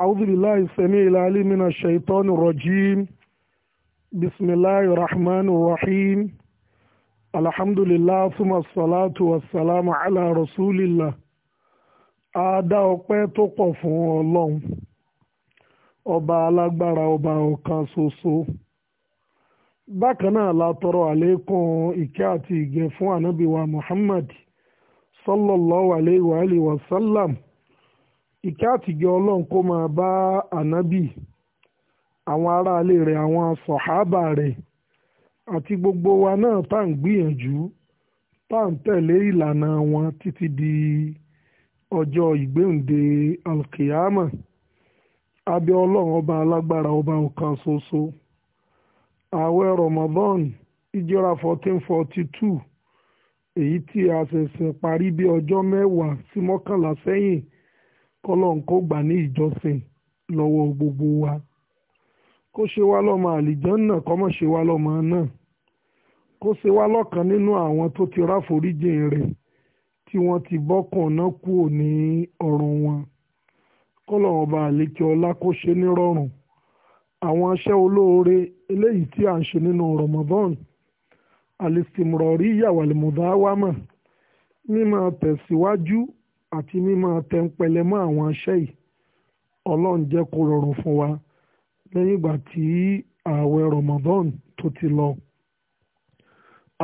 أعوذ بالله السميع العليم من الشيطان الرجيم بسم الله الرحمن الرحيم الحمد لله ثم الصلاة والسلام على رسول الله àádá ọpẹ́ tó pọ̀ fún ọlọ́run ọba alágbára ọba ọ̀kan ṣoṣo bákan náà la tọrọ àlékún ìkẹ́ àti ìgẹ̀ fún ànábì wa Muhammad sallallahu alayhi wa sallam. Wa ìkẹ́ àtìgẹ́ ọlọ́run kó máa bá ànábì àwọn aráalé rẹ̀ àwọn sọ̀hábà rẹ̀ àti gbogbo wa náà tá à ń gbìyànjú tá à ń tẹ̀lé ìlànà wọn títí di ọjọ́ ìgbéǹde alkiyama abẹ́ ọlọ́run ọba alágbára ọba ọ̀kan ṣoṣo ààwẹ̀ ramadan ìjọra fourteen èyí tí a ṣẹ̀ṣẹ̀ parí bí ọjọ́ mẹ́wàá sí mọ́kànlá sẹ́yìn kọ́lọ́n kó gbà ní ìjọsìn lọ́wọ́ gbogbo wa kó ṣe wá lọ́mọ àlìjọ́nà kọ́mọ̀ ṣe wá lọ́mọ náà kó ṣe wá lọ́kàn nínú àwọn tó ti ráforíjìn rẹ̀ tí wọ́n ti bọ́kàn náà kúrò ní ọ̀run wọn kọ́lọ́n ọba àlékè ọlá kó ṣe nírọ̀rùn àwọn aṣẹ́ olóore eléyìí tí à ń ṣe nínú Ramadan alistimrori yàwàlìmùdáwámà mímọ tẹ̀síwájú àti mímọ́ tẹ́ńpẹ́lẹ́ mọ́ àwọn aṣẹ́ yìí ọlọ́run jẹ́ kó rọrùn fún wa lẹ́yìn ìgbà tí ààwẹ̀ Ramadan tó ti lọ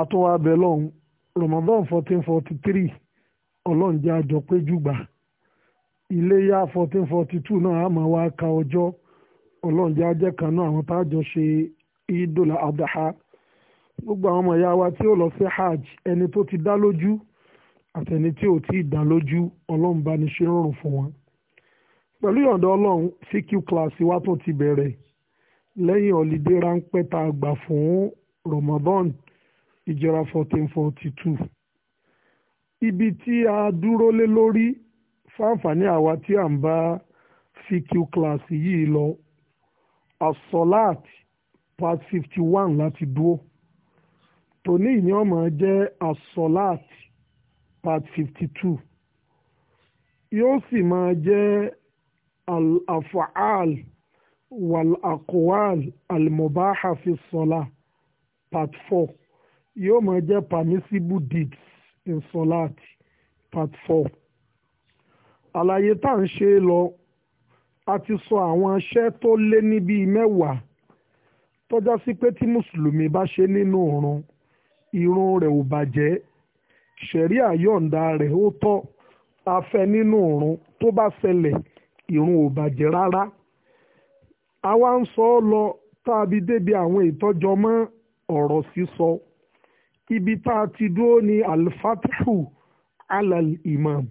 àtúwà abẹ lọ́hùn Ramadan fourteen forty three ọlọ́run jẹ́ ya 1442 jùgbà iléyà fourteen forty two náà àmọ́ ka ọjọ́ ọlọ́run jẹ́ ajẹ́ àwọn tá jọ ṣe idola Adha gbogbo àwọn ọmọ ìyá wa tí ó lọ sí hajj ẹni tó ti dá lójú àtẹni tí ò tí ì dán lójú ọlọ́run bá ní ṣe rọrùn fún wọn. pẹ̀lú ìyọ̀ǹda ọlọ́run CQ class wa tún ti bẹ̀rẹ̀ lẹ́yìn ọ̀lídé ráńpẹ́ tá a gbà fún Ramadan ìjọra fourteen forty two. ibi tí a dúró lé lórí fáǹfààní àwa tí à ń bá CQ class yìí lọ asolat part fifty one láti dúró tòní ìní ọmọ jẹ́ asolat part fifty two yóò sì máa jẹ́ al-afaal wal-akwal al-mubaha fi sọ́la part four yóò máa jẹ́ permissible deeds in solat part four àlàyé tá à ń ṣe lọ a ti sọ àwọn iṣẹ́ tó lé ní bíi mẹ́wàá tọ́já sí pé tí mùsùlùmí bá ṣe nínú òrun ìrun rẹ̀ ò bàjẹ́ ṣẹ̀rí àyọ̀ǹda rẹ̀ ó tọ́ afẹ́ nínú òrun tó bá ṣẹlẹ̀ ìrun ò bàjẹ́ rárá àwa ń sọ ọ́ lọ tàbí débi àwọn ìtọ́jọ mọ́ ọ̀rọ̀ sísọ ibi tá a ti dúró ní alfatihu alal imam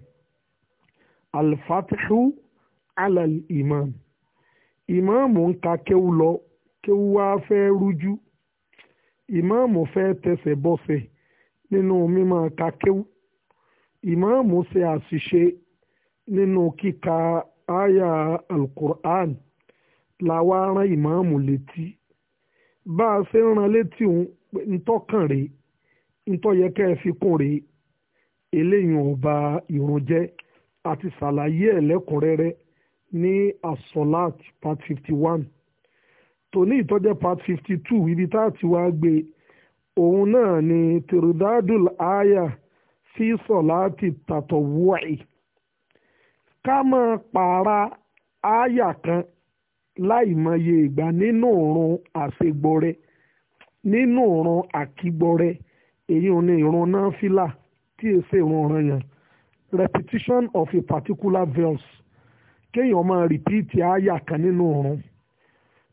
alfatihu alal imam ìmáàmù ń ka kéwú lọ kéwú wá fẹ́ rújú ìmáàmù fẹ́ tẹsẹ̀ bọ́sẹ̀ nínú mímọ́ kakéwú ìmáàmù ṣe àṣìṣe nínú kíka àyà alukur'an làwa rán ìmáàmù létí bá a ṣe ń ran létí òun ntọ́kàn rè ntọ́yẹ kẹ́ ẹ fi kún rè eléyìí ọba ìrun jẹ́ àti ṣàlàyé ẹ̀ ní asolat part fifty one tòní ìtọ́jẹ́ part fifty two ibi tá a ti wá gbé e òun náà ni tirudadul aya fi sọ̀láàtì tàtọ̀wọ́ì ká máa pààrà aya kan láìmọye ìgbà nínú òrun àṣegbọrẹ nínú òrun àkígbọrẹ èyí ò ní ìrun náà fìlà tí èsè ìrun ọ̀ràn yẹn repetition of a particular verse kéèyàn máa rìpíìtì aya kan nínú òrun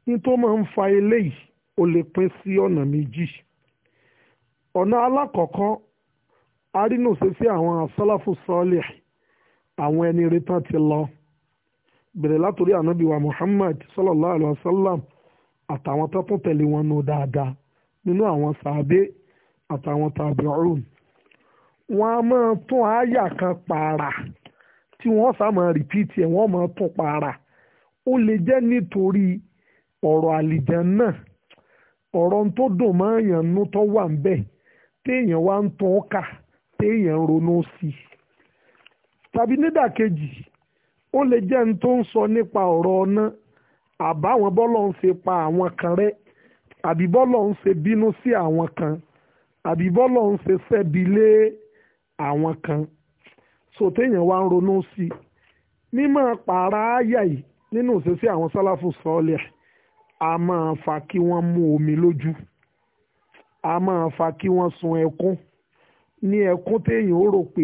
ní máa ń fa eléyìí ó lè pín sí ọ̀nà méjì. ọ̀nà alákọ̀ọ́kọ́ arínúṣẹ́sí àwọn asọ́láfù sọ́ọ̀lẹ̀ àwọn ẹni retán ti lọ bẹ̀rẹ̀ látòrí ànábì Muhammad sallallahu alayhi àtàwọn tó tẹ̀lé wọn nù dáadáa nínú àwọn a máa tún àáyà kan pààrà tí wọ́n sá máa rìpíìtì ẹ̀ wọ́n máa tún pààrà ó lè jẹ́ nítorí ọ̀rọ̀ àlìjàn náà ọ̀rọ̀ tó dùn mọ́ tó wà ń téèyàn wá ń tún kà téèyàn ń ronú sí i tàbí nídàkejì ó lè jẹ́ ní tó ń sọ nípa ọ̀rọ̀ ọ̀nà àbáwọn bọ́lọ̀ ń ṣe pa àwọn kan rẹ́ àbí bọ́lọ̀ ń ṣe bínú sí àwọn kan àbí bọ́lọ̀ ń ṣe sẹ́bi lé àwọn kan so téèyàn wá ń ronú sí i mímọ́ pààrà áyà yìí nínú òṣèṣẹ́ àwọn sálàfù sọ́ọ̀lẹ̀ a máa fa kí wọ́n mú omi lójú. a máa fa kí wọ́n sun ẹkún ní ẹkún téèyàn ó rò pé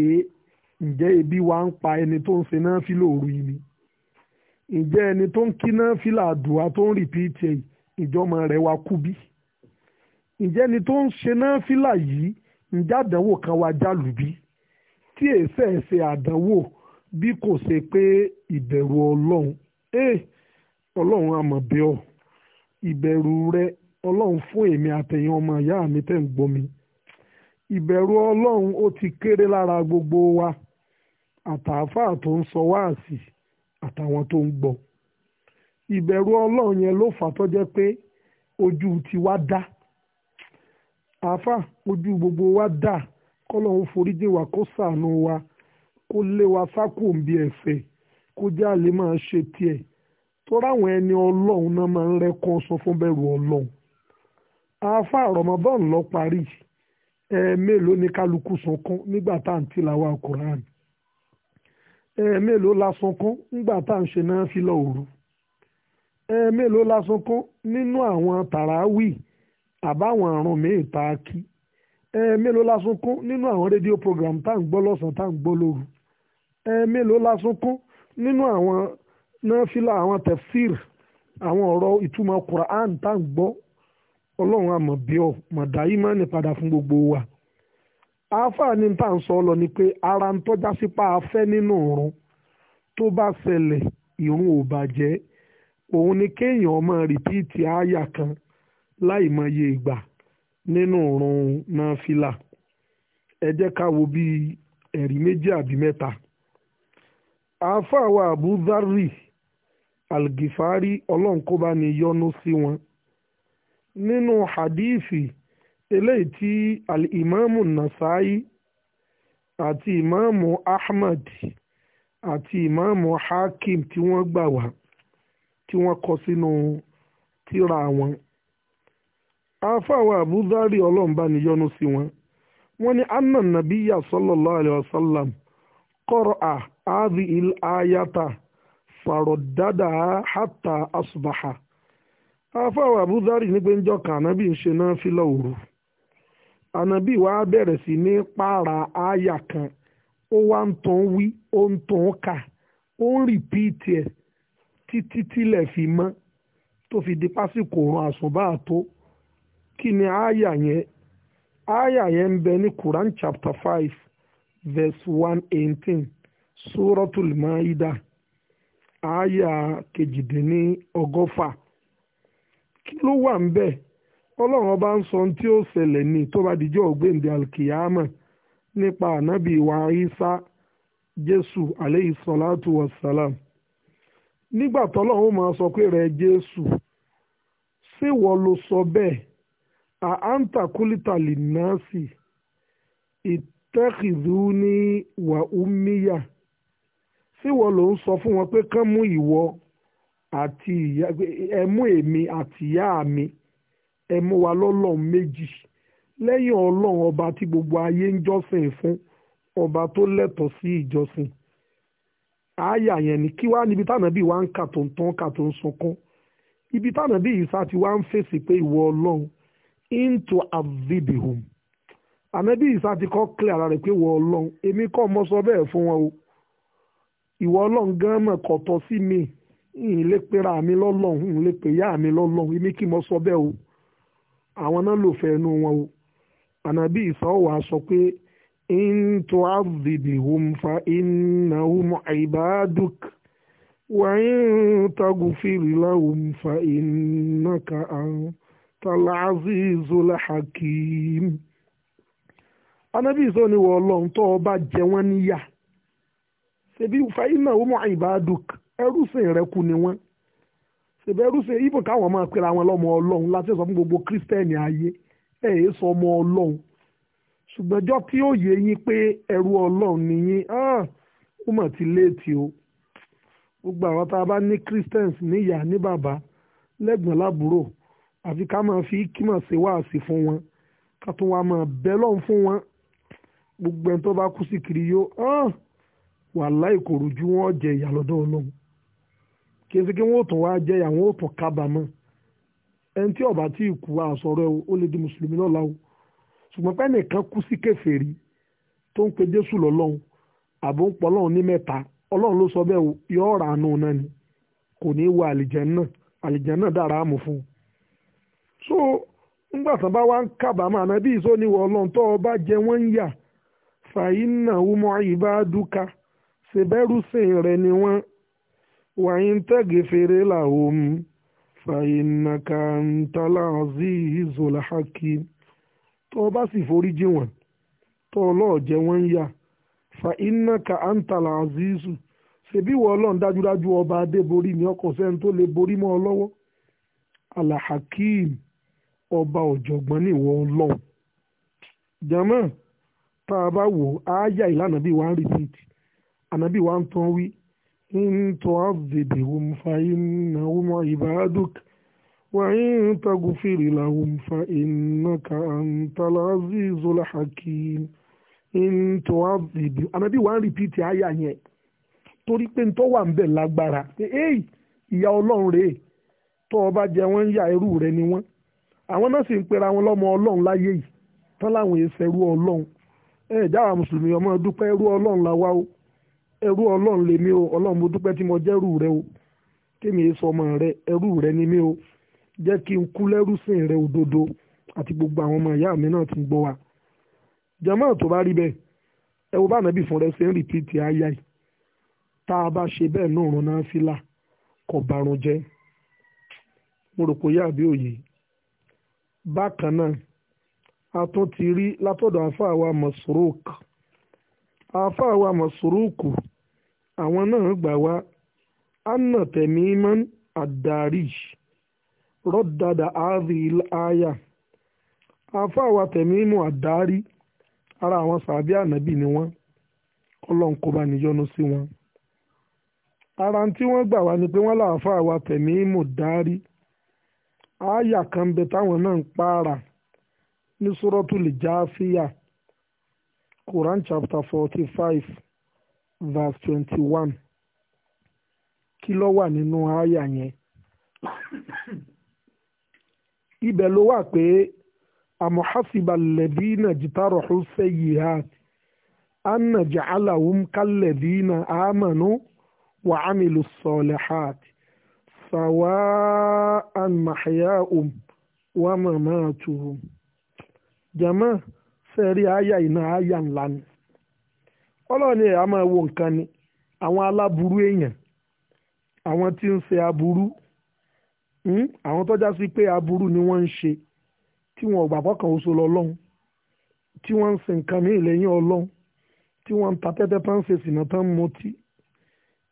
ǹjẹ́ ebi wa ń pa ẹni tó ń ṣe náà fi lóoru yìí ni ǹjẹ́ ẹni tó ń kí náà fi làdùá tó ń rìpíìtì ẹ̀ ìjọmọ rẹ̀ wa kú bí ǹjẹ́ ẹni tó ń ṣe náà fi là yìí ǹjẹ́ àdánwò kan wa jálù bí tí èsẹ̀ ẹ̀sẹ̀ àdánwò bí kò ṣe pé ìbẹ̀rù ọlọ́run ọlọ́run àmọ̀bẹ́ ìbẹ̀rù rẹ ọlọ́run fún èmi àtẹ̀yìn ọmọ ìyá mi tẹ̀ ń gbomi ìbẹ̀rù ọlọ́run ó ti kéré lára gbogbo wa àtàáfàá tó ń sọ wáàsì àtàwọn tó ń gbọ́ ìbẹ̀rù ọlọ́run yẹn ló fà tó jẹ́ pé ojú tiwa dá àáfà ojú gbogbo wa dá kọ́lọ́run foríjì wa kó ṣàánú wa kó lé wa sákòǹbí ẹ̀fẹ̀ kó jẹ́ àlè máa ṣe tiẹ̀ tó ráwọn ẹni ọlọ́run náà máa ń rẹ́kọ́ sọ fún bẹ̀rù ọlọ́run àáfà rọmọbọ́n lọ parí ẹ̀ẹ́mélòó ni kálukú sunkún nígbà tá à ń tìlàwà kùránì ẹ̀ẹ́mélòó la sunkún nígbà tá à ń ṣe náà fílọ̀ òru ẹ̀ẹ́mélòó la sunkún nínú àwọn tàràwì àbáwọn àrùn míì tá a kí ẹ̀ẹ́mélòó la sunkún nínú àwọn rédíò program tá à ń gbọ́ lọ́sàn-án tá à ń gbọ́ lóru ẹ̀ẹ́mélòó la sunkún nínú àwọn náà fílọ̀ àwọn tẹ̀fsíìr àwọn ọ̀rọ̀ ìtumọ̀ kùránì tá à ń gbọ́ ọlọ́run àmọ̀ bí ọ mọ̀dá yìí máa ń padà fún gbogbo wa àáfàá ní tá à ń sọ lọ ni pé ara ń tọ́já sípa afẹ́ nínú ọ̀run tó bá ṣẹlẹ̀ ìrun ò bàjẹ́ òun ni kéèyàn máa rìpíìtì àyà kan láì mọye ìgbà nínú ọ̀run náà fìlà ẹ jẹ́ ká wo bíi ẹ̀rí méjì àbí mẹ́ta àáfàá Abu Dharri Al-Ghifari ọlọ́run kó bá ní yọ́nú sí wọn. Si nínú hadithi eléyìí tí al nasai àti imamu ahmad àti imamu hakim tí wọ́n gbà wá tí wọ́n kọ sínú tírà wọn afáwọn abúzárì ọlọ́mbà níyọnu sí wọn wọ́n ní anna nabiya sallallahu alayhi wa sallam qara'a hadhihi al-ayata faradadaha hatta asbaha. afọ abudari ní pé njọ ka ànábì ń ṣe na fílà òru ànábì wa bẹ̀rẹ̀ si ní kan ó wá ń tàn wí ó ń tàn kà ó fi mọ́ tó fi di pásìkò òrùn àsùnbà kí ni aya yẹn aya yẹn ń bẹ ní Quran chapter five verse one eighteen kí ló wà ń bẹ̀ ọlọ́run ọba ń sọ tí ó ṣẹlẹ̀ ní tó bá dijọ́ ògbéǹde alkiyama nípa ànábì wa Isa jésù aleyhi salatu wa salam nígbà tọ́lọ́run máa sọ pé rẹ̀ jésù síwọ ló sọ bẹ́ẹ̀ àáńtà kúlítàlì nọ́ọ̀sì ìtẹ́kìdú ní wà úmíyà síwọ ló ń sọ fún wọn pé kán mú ìwọ àti ìyá ẹ èmi àti ìyá mi wa lọ́lọ́run méjì lẹ́yìn ọlọ́run ọba tí gbogbo ayé ń jọ́sìn ọba tó lẹ́tọ̀ọ́ sí ìjọsìn àáyà yẹn ni kí wá níbi wa ń kà tó ń tán kà tó ń sunkún ibi ti wá ń fèsì pé ìwọ ọlọ́run into avibihum ànábì ìsá ti kọ́ clear ara rẹ̀ pé ìwọ ọlọ́run èmi kọ́ sọ bẹ́ẹ̀ fún wọn o ìwọ ọlọ́run gan mọ̀ mi n lè pera mi lọ́lọ́hún n lè pè yá mi lọ́lọ́hún èmi sọ bẹ́ẹ̀ o àwọn náà lò fẹ́ inú wọn o ànábì ìsáwọ̀ sọ pé in tu'adhibhum fa innahum ibaduk wa in taghfir lahum fa innaka antal hakim ìsáwọ̀ ni wọ́n lọ́n wọ́n níyà fa ẹrúsìn rẹ kú ni wọ́n ṣèbẹ̀ ẹrúsìn ibò káwọn máa pera wọn lọ́mọ ọlọ́run láti sọ fún gbogbo kírísítẹ́nì ayé ẹ̀ sọ ọmọ ọlọ́run ṣùgbọ́n tí ó yé yín pé ẹrú ọlọ́run ni yín ah, ó mà ti léètì o gbogbo àwọn tá a bá ní christians níyà ní bàbá lẹ́gbọ̀n lábúrò àfi ká máa fi kímọ̀ ṣe wáàsí fún wọn ká tún wá máa bẹ́ lọ́n fún wọn gbogbo ẹni tó bá kú sí kiri yó ah, wàláì kò wọn jẹ ìyà lọ́dọ̀ kesike n sì kí wọ́n tún wá jẹ́ àwọn ò tún kábàámọ̀ ẹni tí ọba tí kú àsọ̀rọ̀ ẹ̀ di mùsùlùmí lọ́la o ṣùgbọ́n pé ẹnìkan kú sí kèfèrí tó ń pe jésù lọ́lọ́run àbò ń pọ̀ ọlọ́run ní mẹ́ta ọlọ́run ló sọ bẹ́ẹ̀ yọ ọ̀rọ̀ àánú náà ni kò ní í wọ àlìjánnà àlìjánnà dára àmú fún un. so ńgbà tán bá wá ń kábàámọ̀ ànábì ìsọ ni wọ ọlọ́run tó ọba jẹ wọn ń yà fàyínà wúmọ́ ìbá dúkà ṣèbẹ́rù sìn rẹ̀ ni wọn. وإن تغفر لهم فإنك أنت العزيز الحكيم tó o bá sì forí jì wọ́n tó fa innaka anta al-azizu ṣebí wọ ọlọ́run ọba adéborí ni ọkọ̀ sẹ́ni tó lè borí mọ́ ọ lọ́wọ́ ọba ọ̀jọ̀gbọ́n níwọ̀ jaman إن تعذبهم فإنهم عبادك وإن تغفر لهم فإنك أنت العزيز الحكيم إن تعذبهم Ànábì wá ń rìpíìtì àyà yẹn torí pé ń tó wà ń bẹ̀ lágbára ee ìyá ọlọ́run rèé tó ọba jẹ wọ́n ń ya irú rẹ ni wọ́n àwọn náà sì ń pera wọn lọ́mọ ọlọ́run láyé yìí tán láwọn èsẹ̀ rú ọlọ́run ẹ̀ẹ́dáwà mùsùlùmí ọmọ dúpẹ́ rú ọlọ́run làwa o ẹrú ọlọ́run lèmi o ọlọ́run mo dúpẹ́ tí mo jẹ́rù rẹ o kémi èso ọmọ rẹ ẹrú rẹ ni mí o jẹ́ kí n kú lẹ́rú sìn rẹ òdodo àti gbogbo àwọn ọmọ ìyá mi náà ti ń gbọ́ wa. jàmáà tó bá rí bẹ́ẹ̀ ẹ wo bá nàbì fún rẹ ṣe ń rìpíìtì ayá yìí tá a bá ṣe bẹ́ẹ̀ náà rán náà fílà kò bàrùn jẹ́ mo rò pé yàbí òye bákan náà a tún ti rí látọ̀dọ̀ àfáà wa Masruk afa wa mọ̀sùrùkù àwọn náà gbà wá anna tẹ̀mímán àdàríj rọdada àádìí aya afa wa tẹ̀mímù àdárí ara àwọn sàbí ànábì ni wọ́n ọlọ́run kó bá níyọnu sí wọn ara tí wọ́n gbà wá ni pé wọ́n láàfáà wa tẹ̀mímù dárí ááyà kan bẹ táwọn náà ń pààrà ní sọ́rọ́tù lè já fíyà Quran chapter forty five verse twenty one kí ló wà nínú àyà yẹn ibẹ̀ ló wà pé amuhasiba lẹ́bínà jìtàrọ̀hù sayyihat anna ja'alahum kallẹ́bínà amanu wa amilu salihat sawa'an mahyaum wa mamatuhum jama' sẹ́ẹ̀rí àyà iná àyà ńlá ni ọlọ́ọ̀ni ẹ̀ a máa wo nǹkan ni àwọn aláburú èèyàn àwọn tí ń ṣe aburú hmm, àwọn tọ́já sí pé aburú ni wọ́n ń ṣe tí wọn ò gbàgbọ́ kan oṣù lọ́lọ́run tí wọ́n ń sin nǹkan ní ìlẹ́yìn ọlọ́run tí wọ́n ń ta tẹ́tẹ́ tán ń ṣe sìnà tán ń mutí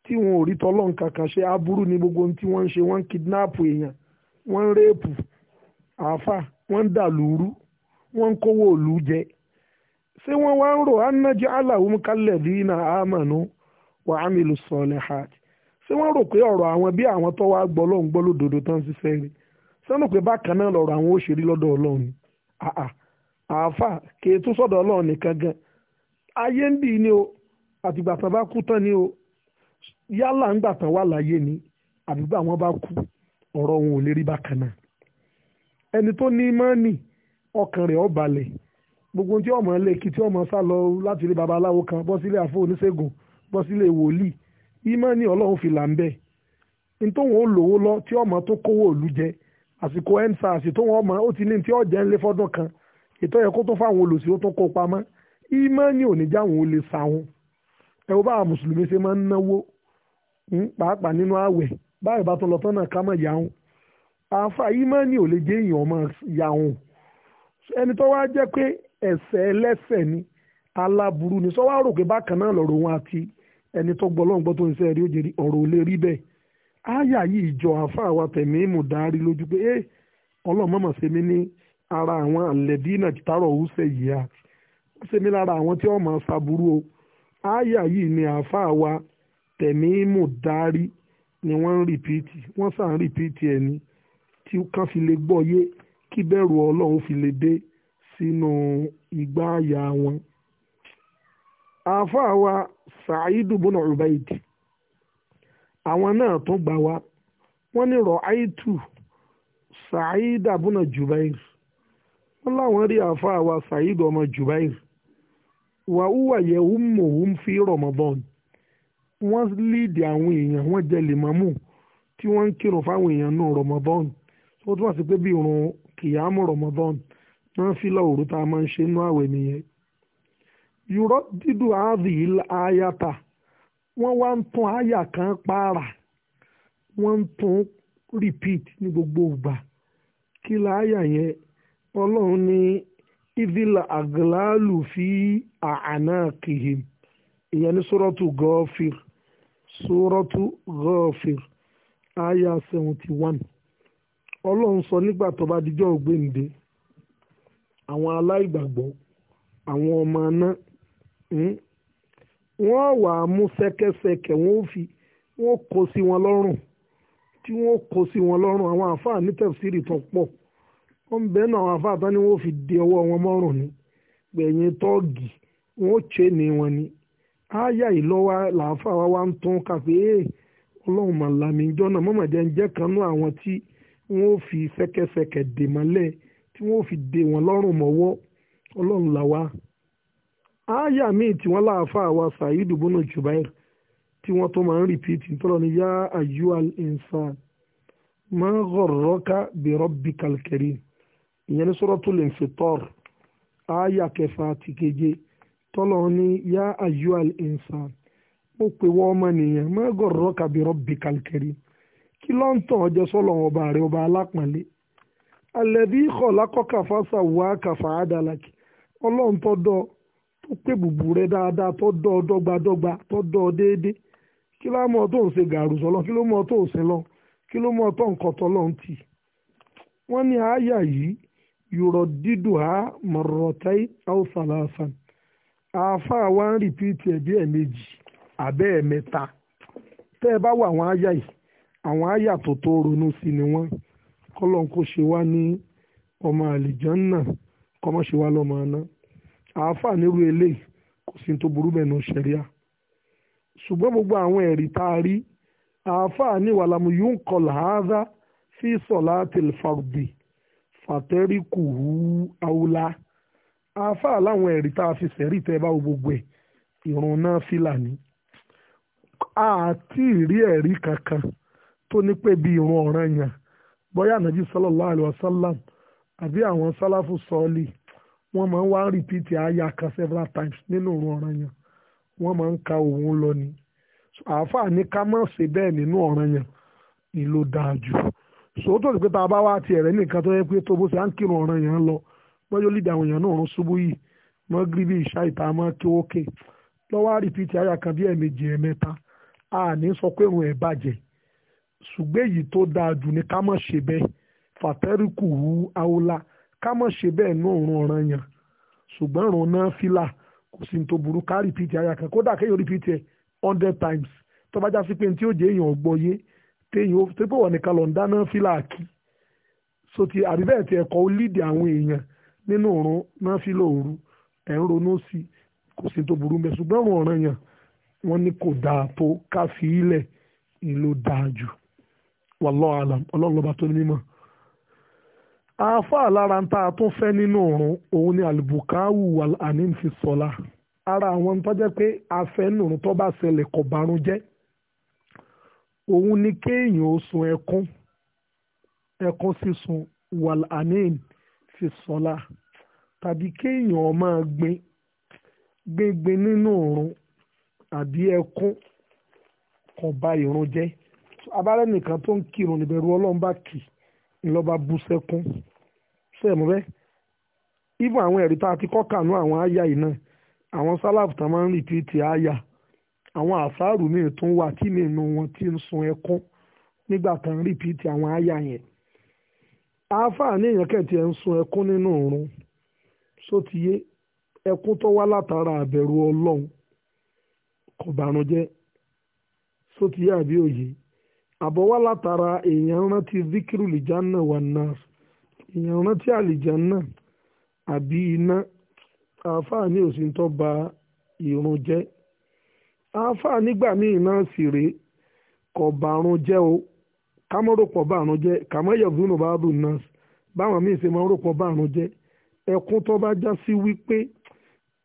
tí wọn ò rí tọ́lọ́run kankan ṣe aburú ni gbogbo ohun tí wọ́n ń ṣe wọ́n ń kidnap èèyàn wọ́n ń réèpù àáfà wọ́n ń dàlúrú wọn ń kówó jẹ ṣé wọn wá ń rò ánájẹ́ aláwọ̀ mukálẹ̀ bí iná àmàánú wà á mi lù sọ̀lẹ̀ hajj ṣé wọn rò pé ọrọ àwọn bí àwọn tó wá gbọ́ lọ́hùn gbọ́ lódodo tán ṣiṣẹ́ rí sọ́nà pé bákan náà lọ́rọ̀ àwọn òṣèré lọ́dọ̀ ọlọ́run àáfà kì í tún nìkan gan ayé ń bì ní o àtìgbà tán bá kú tán ní o yálà ńgbà tán wà láyé ni àbígbà wọn bá kú ọ̀rọ̀ wọn ò lè rí bákan náà ẹni tó ní ọkàn rẹ̀ ó gbogbo tí ọmọ lè kí tí ọmọ sá lọ láti rí babaláwo kan bọ́ sílé àfọ oníṣègùn bọ́ sílé wòlíì ìmánì ọlọ́run fi là ń bẹ̀ nítorí lọ tí ọmọ tó kówó òlu jẹ àsìkò ọmọ ó ti ọjà ń lé fọdún kan ètò yẹ kó tó fáwọn olùsí ó tó kó pamọ́ ò ní lè ẹ ẹni tó wá jẹ́ pé ẹ̀ṣẹ̀ ni aláburú ni sọ wá bákan náà lọ́rọ̀ wọn àti ẹni tó gbọ́ lọ́ngbọ́n tó ń sẹ́ rí òjèrí ọ̀rọ̀ lè rí bẹ́ẹ̀ yìí wa tẹ̀mí lójú pé ẹ ọlọ́mọ̀mọ̀ ṣe mí ní ara àwọn àlẹ́bí náà tààrọ̀ òun yìí à ṣe mí lára àwọn tí wọ́n o ayayi yìí ni wa tẹ̀mí dari ni wọ́n ń rìpíìtì wọ́n sàn ń rìpíìtì ẹni tí kí bẹ̀rù ọlọ́run fi lè dé sínú igbá àyà wọn. àáfàá wa Sa'idu bùnà Ubaid àwọn náà tún gbà wá wọ́n ní rọ̀ àìtù Sa'ida bùnà Jubair wọ́n láwọn rí àáfàá wa Sa'idu ọmọ Jubair wà húwà yẹ húmọ̀ fi Ramadan wọ́n líìdì àwọn èèyàn wọ́n jẹ lèmọ́mù tí wọ́n ń kírun fáwọn èèyàn náà Ramadan tó túmọ̀ sí pé bí irun kìyàmù Ramadan náà fílà òru tá a máa ń ṣe inú àwẹ̀ nìyẹn yúrọ́ dídú áàdì ayata wọ́n wá ń tún àyà kan pààrà wọ́n ń tún repeat ní gbogbo ìgbà kí láàyà yẹn ọlọ́run ní ìdílà àgàlálù fi àánà kìhìm ìyẹn ní sọ́rọ́tù gọ́ọ̀fìr sọ́rọ́tù gọ́ọ̀fìr àyà seventy one. ọlọ́run sọ nígbà tó bá dijọ́ ògbéǹde àwọn aláìgbàgbọ́ àwọn ọmọ aná hmm, wọ́n wà á mú ṣẹ́kẹ́ṣẹkẹ̀ wọ́n fi wọ́n kó sí wọn lọ́rùn tí wọ́n kó sí wọn lọ́rùn àwọn àfáà ní tẹ̀síìrì tó ni wọ́n fi di wọn mọ́rùn ni gbẹ̀yìn tọ́ọ̀gì wọn ni làáfàá wa wá ń tún pé ọlọ́run ń jẹ́ kanú wọ́n fi ṣẹ̀kẹ̀ṣẹ̀kẹ̀ dè mọ́lẹ̀ tí wọ́n fi dè wọ́n lọ́rùn mọ́wọ́ ọlọ́run là wá. ááyà míì tí wọ́n láàfà wa Saheed bono Jubair tí wọ́n tó máa ń rìpíìtì tọ́lọ́ ni yá ayú al-insan máa ń gọ̀rọ̀ọ́ká bi rabbikal karim ìyẹn ní Suratul Infitar ááyà kẹfà àti keje tọ́lọ́ ni yá ayú al mo pè wọ́n ọmọ nìyẹn máa ń gọ̀rọ̀ọ́ká bi rabbikal karim kí ló ń tàn ọjọ́ sọ́lọ́run ọba rẹ̀ ọba alápọ̀nlé alẹ́bí ikọ̀ lákọ́kà fásà kàfà àdàlàkì ọlọ́run tó tó pé bùbù dáadáa tó dọ́gbadọ́gba tó dọ́ kí ló tó ń lọ kí ló tó ń tì wọ́n ní àáyà yìí yòrò dídùn á mọ̀rọ̀tẹ́ àáfàá ń rìpíìtì ẹ̀ tẹ́ ẹ bá àwọn àyà tó tó ronú sí ni wọ́n kọ́lọ́n kó ṣe wá ní ọmọ àlìjánná kọ́mọ́ ṣe wá lọ́mọ aná àáfà nírú eléyìí kò sí tó burú bẹ́ẹ̀ náà ṣẹ̀ríà ṣùgbọ́n gbogbo àwọn ẹ̀rí tá a rí àáfà ní wàlámù yóò ń kọ làáza sí sọ̀lá tìlfàgbì fàtẹ́ríkù àwùlá àáfà láwọn ẹ̀rí tá a fi sẹ̀rí tẹ́ bá gbogbo ẹ̀ ìrun náà fìlà ní àti ẹ̀rí kankan tó ní pé bí ìrun ọ̀ranyàn bóyá ànábì sallallahu alaihi wasallam àbí àwọn sálàfù sọ́ọ̀lì wọ́n máa ń wá rìpíìtì àyà kan several times nínú ìrun ọ̀ranyàn wọ́n máa ń ka òun lọ ni àáfàá ní ká má ṣe bẹ́ẹ̀ nínú ni dáa jù sòótọ́ sí pé tá a bá wá nìkan tó yẹ pé tó bó ṣe à ń kírun lọ mọ́jọ́ lídìí àwọn èèyàn náà rún ṣubú yìí mọ́ ìṣá ìta mọ́ kí ó a ní sọ pé òun ẹ̀ bàjẹ́ ṣùgbọ́n èyí tó dáa jù ni ká má ṣe bẹ́ẹ̀ fàtẹ́ríkù hu aola ká má ṣe bẹ́ẹ̀ náà rún ọ̀ràn yàn ṣùgbọ́n rún náà fìlà kò sí tó burú ká rìpíìtì àyà kan kódà kéèyàn rìpíìtì ẹ̀ hundred times tó bá já sí pé ní tí ó jẹ́ èèyàn ọgbọ́yé téèyàn tó pé wọ́n nìkan lọ ń dáná fìlà kí so ti àríbẹ̀ ti ẹ̀kọ́ ó lídìí àwọn èèyàn nínú òrùn náà fìlà òru ẹ̀ ń ronú sí kò sí tó burú mẹ́ ṣùgbọ́n rún ọ̀ràn yàn wọ́n ní kò dáa tó ká fi ilẹ̀ ìlò dáa jù wallahu alam ọlọ́run lọ́ba tó ní mímọ́ àáfàá lára ń tá a tún fẹ́ nínú ọ̀run òun ni àlùbùkáwù wal anin fi ara àwọn tó jẹ́ pé afẹ́nùrún tó bá ṣẹlẹ̀ kò bárun jẹ́ òun ni kéèyàn ó sun ẹkún ẹkún sísun wal anin fi sọ́lá tàbí kéèyàn máa gbin gbíngbin nínú ọ̀run àbí ẹkún kò bà ìrun jẹ́ abárẹ́ nìkan tó ń kírun níbẹ̀rù ọlọ́run bá kì ńlọ́ba bú sẹ́kún sẹ́mu bẹ́ẹ̀ even àwọn ẹ̀rí tá a ti kọ́ kànú àwọn àyà yìí náà àwọn sálàfù tá a máa ń rìn títí àyà àwọn àṣàrù míì tún wà tí mi nu wọn ti ń sun ẹkún nígbà tá ń rìpíìtì àwọn àyà yẹn àáfàá ní èèyàn kẹ̀tì ẹ̀ ń sun ẹkún nínú òrun sótìyé ẹkún tó wá látara àbẹ̀rù ọlọ́run kò bànújẹ́ sótìyé àbí òye àbọ̀wá látara èèyàn rántí zikiru lìjánà wà náà èèyàn rántí àlìjánà àbí iná àáfàá ní òsíntọ́ ba ìrun jẹ́ àáfàá nígbà míì náà sì rèé kọ̀ bàrún jẹ́ o kámọ́rọ̀pọ̀ bàrún jẹ́ kàmọ́yọ̀bùnú bàbù náà báwọn míì ṣe máa ń rọ̀pọ̀ bàrún jẹ́ ẹkún tó bá já sí wípé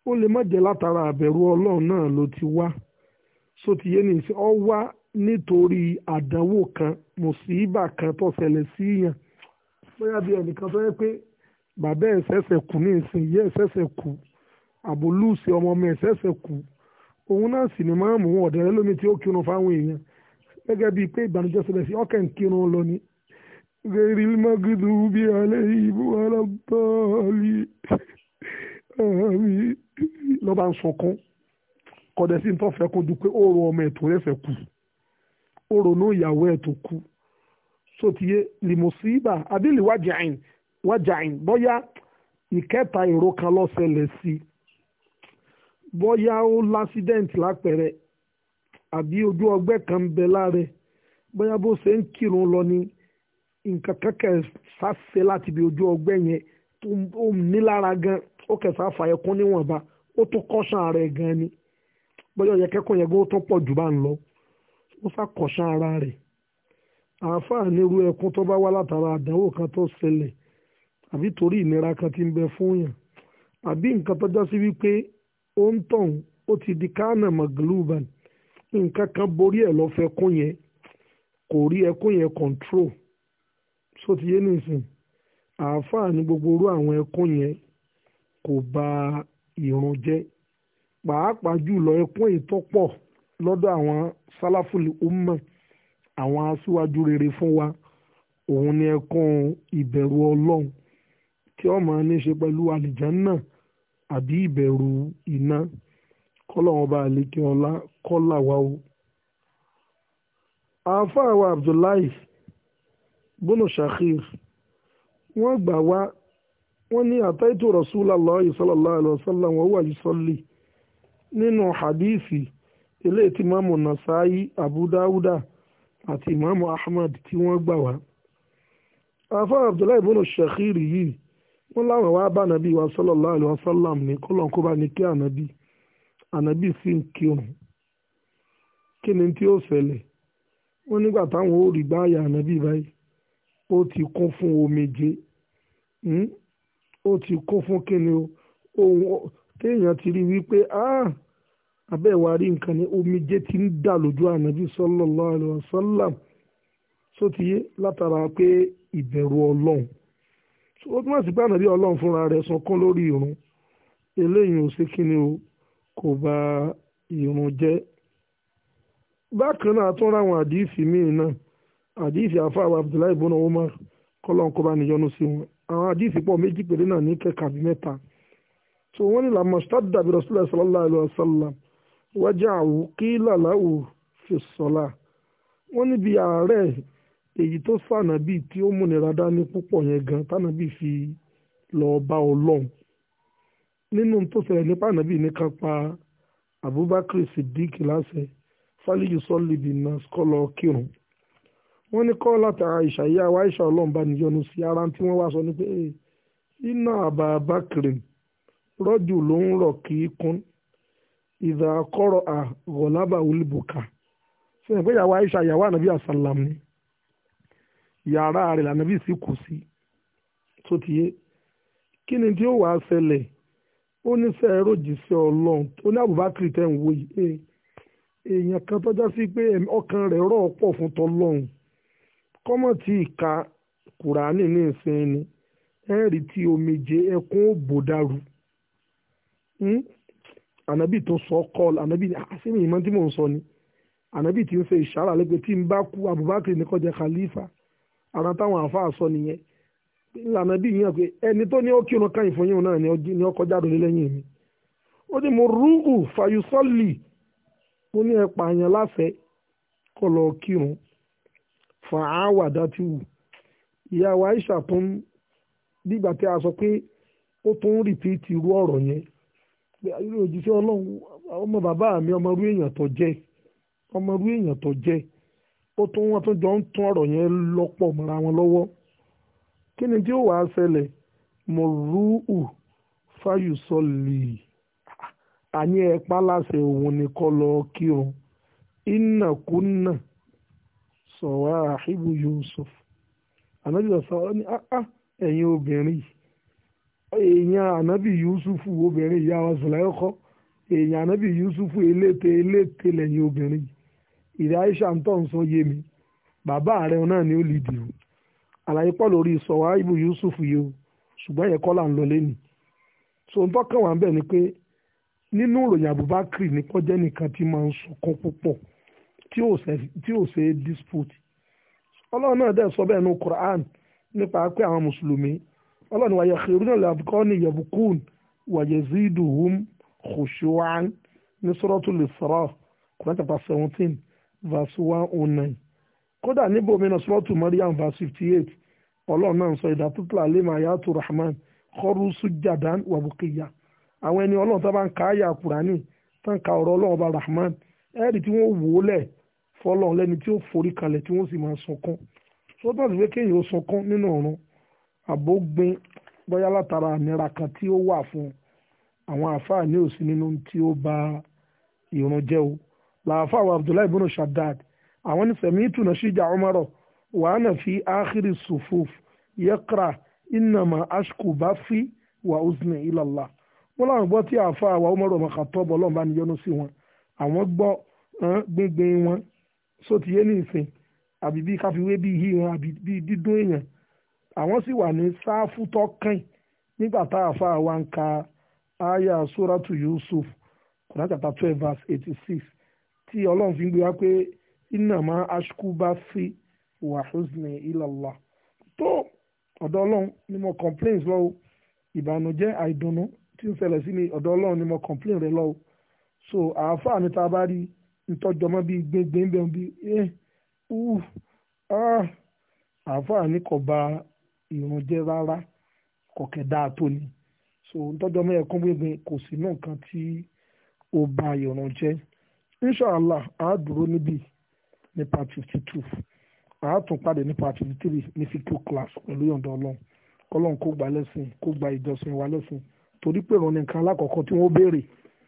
ó lè má jẹ́ látara àbẹ̀rù ọlọ́run náà ti wá sótìyé nìyí ọ nítorí àdánwò kan mùsíbà kan tó ṣẹlẹ̀ sí yàn bóyá bí ẹnìkan tó yẹ pé bàbá ẹ̀ ṣẹ̀ṣẹ̀ kú ní ìsìn ìyá ẹ̀ ṣẹ̀ṣẹ̀ kú àbólúùsì ọmọ ọmọ ẹ̀ ṣẹ̀ṣẹ̀ kú òun náà sì ni máàmù ọ̀dẹ̀rẹ́ lómi tí ó kírun fáwọn èèyàn gẹ́gẹ́ bíi pé ìbànújẹ́ ṣẹlẹ̀ sí ọkàn kírun lọ ni rẹ́rí mágídù bí alẹ́ ìbú alábọ́ọ̀lì lọ́ba ń sọkún kọ̀dẹ̀ sí ń tọ́ fẹ́ kó dùn pé ó rọ ọmọ ẹ̀ tó rẹ̀ fẹ́ kù ó ronú ìyàwó ẹ̀ tó kú sotiye limosiba abili wajain wajain bóyá ìkẹta èrò kan ló ṣẹlẹ̀ sí i bóyá ó lásídẹ̀ǹtì lápẹ̀rẹ̀ àbí ojú ọgbẹ́ kan ń bẹ láre bóyá bó ṣe ń kírun lọ ni nǹkan kẹ́kẹ́ sáṣe láti ibi ojú ọgbẹ́ yẹn ó nílára gan ó kẹsà fàyẹ kún níwọ̀nba ó tún kọ́ṣán rẹ̀ gan ni bóyá ọ̀yẹ́kẹ́kọ̀ọ́ yẹn pọ̀ jù ó ṣàkọ̀ṣán ara rẹ̀ àáfàá nírú ẹkún tó bá wá látara àdánwò kan tó ṣẹlẹ̀ àbí torí ìnira kan ti ń bẹ fún yàn àbí nǹkan tó jásí wípé ó ń tàn ó ti di kánà magluban nǹkan kan borí ẹ̀ lọ́ fẹ́ kún yẹn kò rí ẹkún yẹn control só ti yé nìsín àáfàá ní gbogbo orú àwọn ẹkún yẹn kò bà ìrun jẹ́ pàápàá jùlọ ẹkún èyí lọ́dọ̀ àwọn sálàfùlù umma àwọn aṣíwájú rere fún wa òun ni ẹ̀kún ìbẹ̀rù ọlọ́run tí ó máa ní ṣe pẹ̀lú àlìjánná àbí ìbẹ̀rù iná kọ́lọ́wọ́n bá àlékè ọlá kọ́là wa o. àáfàá wa abdullahi bùnú shakir wọ́n gbà wá wọ́n ní àtàìtò rasulallah sallallahu alaihi wasallam wa huwa yusalli nínú hadithi. No eléyìí tí mọ́mù nasaayi abudawuda àti mọ́mù ahmad tí wọ́n gbà wá. afa abdullahi ibn shakhiri yìí wọ́n láwọn wá bá nàbí wa sallallahu alaihi wasallam ní kọ́lọ̀ kó bá ní kí ànàbí ànàbí sì ń kírun kí ni tí ó ṣẹlẹ̀ wọ́n nígbà táwọn ò rí gbáàyà ànàbí báyìí ó ti kún fún omijé hmm? ó ti kún fún kíni o ohun téèyàn ti rí wípé ah abẹ́ẹ̀wá rí nǹkan ní omijé ti ń dà lójú ànábì sallallahu alaihi wasallam só ti yé látara pé ìbẹ̀rù ọlọ́run ó túmọ̀ sí pé ànábì ọlọ́run fúnra rẹ̀ sọkún lórí ìrun eléyìí ò ṣe kíni o kò bà ìrun jẹ́ bákan náà tún ráwọn àdìsí míì náà àdìsí àfáàwọ̀ abdullahi ibùnà umar kọ́lọ́n kó bá níyọnu sí wọn àwọn àdìsí pọ̀ méjì péré náà ní kẹ́kẹ́ àbí mẹ́ta tó ní làmọ́ sọ́dọ̀ dàbí rasulullah sallallahu alaihi wasallam wájà àwù kí làláwù fi sọ́la wọ́n níbi ààrẹ èyí tó sànàbì tí ó múnira dání púpọ̀ yẹn gan tànàbì fi lọ́ọ́ bá ọlọ́run nínú tó ṣẹlẹ̀ nípa ànàbì nìkan pa Abubakar Siddiq láṣẹ fálíyù sọ́ọ̀lì bìnnà kọ́lọ́ kírun wọ́n ní kọ́ látara Àìṣà yá wa Àìṣà ọlọ́mba níyọnu sí ara tí wọ́n wá sọ ní pé iná àbá bákìrì rọ́jù ló ń rọ̀ kí kún ìdá kọ́rọ̀ à gọ̀lábà olùbùkà fún ẹgbẹ́ ìyàwó Aisha ìyàwó ànábì àsàlám ni yàrá rẹ̀ lànàbì sì kù sí tó ti yé kí ni tí ó wàá ṣẹlẹ̀ ó ní sẹ́ẹ̀ ròjìṣẹ́ ọlọ́run ó ní Abubakar tẹ̀ ń wo yìí èèyàn kan tọ́já sí pé ọkàn rẹ̀ rọ̀ pọ̀ fún tọlọ́run kọ́mọ̀ tí ìka kùránì ní ìsìn ni ẹ̀rí tí omijé ẹkún ò bò dàrú hmm? ànábì tó sọ kọ́ọ̀lù ànábì àṣírí ah, ìmọ̀ tí mò ń sọ ni ànábì tí ń ṣe ìṣàrà lẹ́gbẹ̀ẹ́ tí ń bá kú Abubakar ní kó khalifa ara táwọn àáfàá sọ nìyẹn ìlànà bí pé ẹni tó ní ó kírun káyìn fún yín náà ni ọkọ̀ jáde lé lẹ́yìn mi ó ní mo rúgù fàyùsọ́lì mo ní ẹ pààyàn láfẹ́ kó lọ kírun fàáwà dátìwù ìyá wa Aisha tó ń dìgbà tí a sọ pé ó tún ń rìpíìtì irú ọ̀rọ̀ yẹn irú òjíṣẹ́ ọlọ́run ọmọ bàbá mi ọmọ irú èèyàn tó jẹ́ ọmọ irú èèyàn tó jẹ́ ó tún wọ́n tún jọ ń tún ọ̀rọ̀ yẹn lọ́pọ̀ mọ́ra wọn lọ́wọ́ kí ni tí ó wàá ṣẹlẹ̀ mọ̀rúù fáyùsọ̀lì àní ẹ̀ pálásẹ̀ òun ni kọ́ lọ kírun ìnàkúnà sọ̀wá àhíbù Yusuf ànájọ́ sọ ọ́ ah, ah, ẹ̀yin obìnrin yìí èèyàn ànábì yusufu obìnrin ìyá wa sùlẹ́kọ́ èèyàn ànábì yusufu eléte eléte lẹ́yìn obìnrin ìrẹ́ aisha ń tọ́ ń sọ yé mi bàbá rẹ̀ náà ni ó lè dìrò àlàyé pọ̀ lórí sọ̀wá ibu yusuf yìí o ṣùgbọ́n yẹ kọ́ là ń lọ lẹ́nu so ń tọ́kàn wà ń bẹ̀ ni pé nínú ìròyìn abubakar ní kọjá nìkan tí máa ń sunkún púpọ̀ tí ò ṣe dispute ọlọ́run náà dẹ̀ sọ bẹ́ẹ̀ nu Quran nípa pé àwọn mùsùlùmí ọlọ́run wàyẹ̀ xirúnà làbùkọ́ni yabukun wàyẹ̀ ziduhum khushu'an ní suratul Isra Quran chapter seventeen verse one oh nine kódà níbo mi náà suratul Maryam verse fifty eight ọlọ́run náà sọ ìdá tutla alim ayatu rahman kọ́rù sujjadan wàbùkìyà àwọn ẹni ọlọ́run tó bá ń ka àyà kùránì tó ń ka ọ̀rọ̀ ọlọ́run ọba rahman ẹ̀ẹ́dì tí wọ́n wò ó lẹ̀ fọlọ́run lẹ́ni tí ó forí kalẹ̀ tí wọ́n sì máa sunkún sọ́tàn ti fẹ́ kéèyàn ó sunkún nínú ọ̀run àbógbin bóyá látara ànira kan tí ó wà fún àwọn àáfàá ní òsì nínú tí ó ba ìrun jẹ́ o làáfàá wa abdullahi ibn shaddad àwọn ní sẹ̀mí ìtùnà ṣíjà ọmọrọ̀ wàhánà fi áhírì sùfúf yẹ́kra ìnàmà ashku bá fi wà uzni ilallah wọ́n láwọn gbọ́ tí àáfàá wa ọmọrọ̀ ọmọ kàtọ́ bọ́ lọ́nba níyọnu sí wọn àwọn gbọ́ eh, gbíngbin wọn sótìyé ní ìsìn àbí bí káfíwé bí yí wọn àbí bí dídún èèyàn àwọn sì wà ní sáfù tọ́kàn nígbà tá a fa àwa ń ka aya suratu Yusuf Quran chapter twelve verse eighty six tí ọlọ́run fi ń gbé wá pé iná máa ashku sí wà húsìnì tó ọ̀dọ̀ ọlọ́run ni mo complaints lọ́wọ́ ìbànújẹ́ àìdùnnú tí ń ṣẹlẹ̀ sí mi ọ̀dọ̀ ọlọ́run ni mo complaints rẹ lọ́wọ́ so àáfàá mi ta bá rí ntọ́jọmọ́ bíi gbẹ̀ngbẹ̀ngbẹ̀ bíi ẹ́ eh, uh ah àáfàá ní kò ba ìrun jẹ́ rárá kọ̀kẹ́ dáa tó ni so ntọ́jọ́ mẹ́rin kún gbígbin kò sí náà kan tí ó ba ìrun jẹ́ inshàlá a dúró níbí ní part fifty two a tún pàdé ní part fifty three ní fíkú class pẹ̀lú yọ̀ǹda ọlọ́run ọlọ́run kó gba lẹ́sìn kó gba ìjọsìn wa lẹ́sìn torí pé ìrun ni nǹkan alákọ̀ọ́kọ́ tí wọ́n béèrè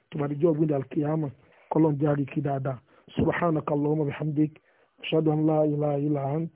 tó bá dijọ́ gbé dàlkìyàmà kọ́lọ́n járe kí dáadáa subhanakallahumma bihamdik ashhadu an la ilaha illa ant.